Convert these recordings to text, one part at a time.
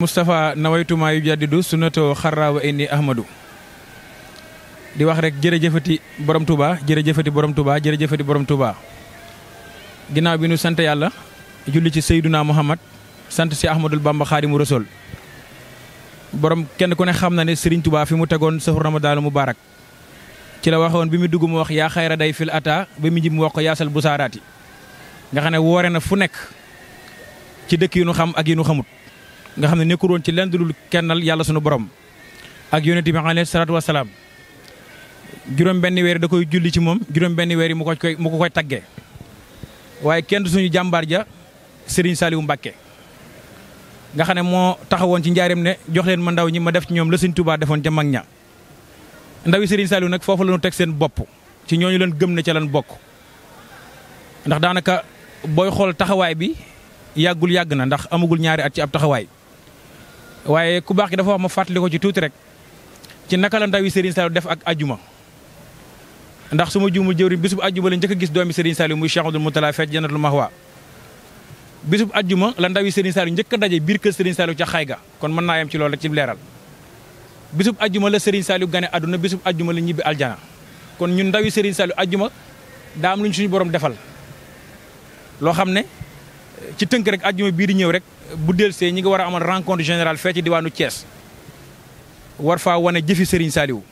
Moustapha nawaytuma yu jaddidu sunnatoo xarraa wa indi ahmadu di wax rek jërëjëfati borom tubaa jërëjëfati borom tubaa jërëjëfati borom Touba ginnaaw bi nu sant yàlla julli ci Seydouna Muhammad sant si Ahmadul Bamba Xaadimu Rasul borom kenn ku ne xam na ne sëriñ tubaa fi mu tegoon sahur mu mubaarak ci la waxoon bi mu dugg mu wax yaa xayra day fil ata ba mu jib mu wax ko yaasal bu saaraati nga xam ne woore na fu nekk ci dëkk yi nu xam ak yi nu xamut nga xam ne nekkul woon ci lenn kennal yàlla sunu borom ak yonent bi alayhi salaatu wasalaam juróom benn weer da koy julli ci moom juróom benn weer yi mu ko koy mu ko koy taggee waaye kenn suñu jàmbaar ja Serigne Saliou Mbacké nga xam ne moo taxawoon ci njaarim ne jox leen ma ndaw ñi ma def ci ñoom la Serigne Touba defoon ca mag ña ndawi Serigne Saliou nag foofu la teg seen bopp ci ñooñu leen gëm ne ca leen bokk ndax daanaka booy xool taxawaay bi yàggul yàgg na ndax amagul ñaari at ci ab taxawaay waaye ku baax ki dafa wax ma fàttali ko ci tuuti rek ci naka la ndawi Serigne Saliou def ak ajuma ndax su ma juumul jëwriñ bisub ajuma la njëkk gis doomi Serigne Saliou muy Cheikh Abdoul Moutala fecc janatul mahwa bisub ajuma la ndawi Serigne Saliou njëkk a daje biir kër Serigne Saliou ca xayga kon mën naa yem ci loolu rek ci leeral bisub ajuma la Serigne Saliou gane àdduna bisub ajuma la ñibbi aljana kon ñun ndawi Serigne Saliou ajuma daa am lu ñu suñu borom defal loo xam ne ci tënk rek àjjuma bii di ñëw rek bu delsee ñi ngi war a amal rencontre général fee ci diwaanu cees war faa wane jëfi sëriñ Saliou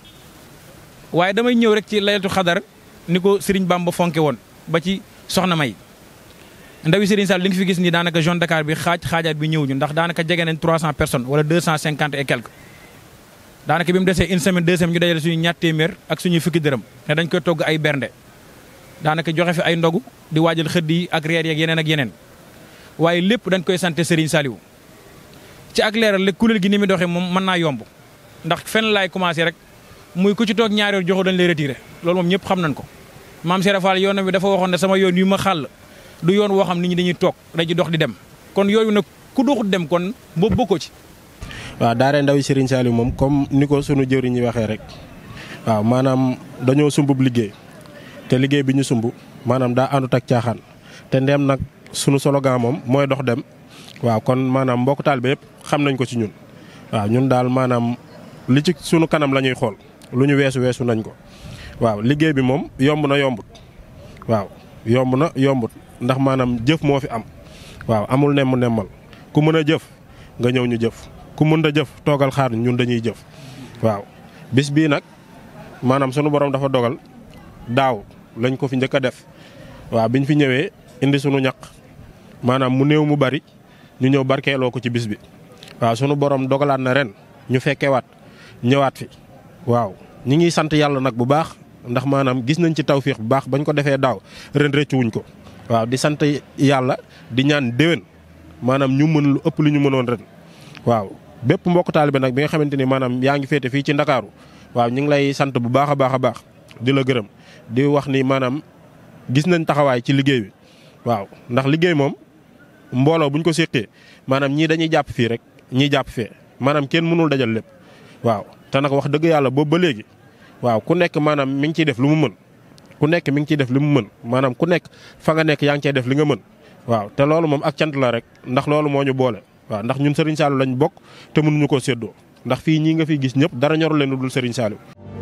waaye damay ñëw rek ci laylatu xadar ni ko Serigne ba fonke woon ba ci soxna May ndawi Serigne Saliou li nga fi gis nii daanaka jeune Dakar bi xaaj xaajaat bi ñëw ñu ndax daanaka jege nañ 300 personnes wala 250 et quelques. daanaka bi mu desee une semaine deux semaines ñu dajale suñu ñaar téeméer ak suñuy fukki dërëm ne dañ koy togg ay bernde daanaka joxe fi ay ndogu di waajal xëdd yi ak reer yeeg ak yeneen. waaye lépp dañ koy sant Serigne Saliou ci ak leeral la kuréel gi ni mu doxee moom mën naa yomb ndax fenn laay commencé rek muy ku ci toog ñaari yoon joxu dañ lay retiré loolu moom ñëpp xam nañ ko. maam Serap Fall yoonam bi dafa waxoon ne sama yoon yu ma xàll du yoon woo xam ni ñi dañuy toog dañuy dox di dem kon yooyu nag ku doxut dem kon boobu bokkoo ci. waaw daara ndaw Serigne Saliou moom comme ni ko sunu jëriñ ñi waxee rek waaw maanaam dañoo sumbub liggéey te liggéey bi ñu sumb maanaam daa àndut ak te ndem nag sunu slogan moom mooy dox dem waaw kon maanaam mbokk taal bi yëpp xam nañ ko ci ñun waaw ñun daal maanaam li ci sunu kanam la ñuy xool lu ñu weesu weesu nañ ko waaw liggéey bi moom yomb na yombut waaw yomb na yombut ndax maanaam jëf moo fi am waaw amul nemm nemmal ku mën a jëf nga ñëw ñu jëf ku mën a jëf toogal xaar ñun dañuy jëf waaw bis bii nag maanaam sunu borom dafa dogal daaw lañ ko fi njëkk a def waaw ñu fi ñëwee indi sunu ñaq maanaam mu néew mu bari ñu ñëw barkeeloo ko ci bis bi. waaw sunu borom dogalaat na ren ñu fekkewaat ñëwaat fi waaw ñi ngi sant yàlla nag bu baax ndax maanaam gis nañ ci tawféex bu baax bañ ko defee daaw ren rëccuwuñ ko. waaw di sant yàlla di ñaan déwén maanaam ñu mën lu ëpp lu ñu mënoon ren waaw bépp mbokk taalibe nag bi nga xamante ni maanaam yaa ngi féete fii ci ndakaaru waaw ñu ngi lay sant bu baax a baax a baax di la gërëm di wax ni maanaam gis nañ taxawaay ci liggéey bi mbooloo buñ ko séqee maanaam ñii dañuy jàpp fii rek ñii jàpp fee maanaam kenn mënul dajal lépp waaw te nag wax dëgg yàlla boobu ba léegi waaw ku nekk maanaam mi ngi ciy def lu mu mën ku nekk mi ngi ciy def li mu mën maanaam ku nekk fa nga nekk yaa ngi cey def li nga mën waaw te loolu moom ak cant la rek ndax loolu moo ñu boole waaw ndax ñun Serigne Saliou lañ bokk te mënuñu ko séddoo ndax fii ñii nga fi gis ñëpp dara ñoru leen dul Serigne Saliou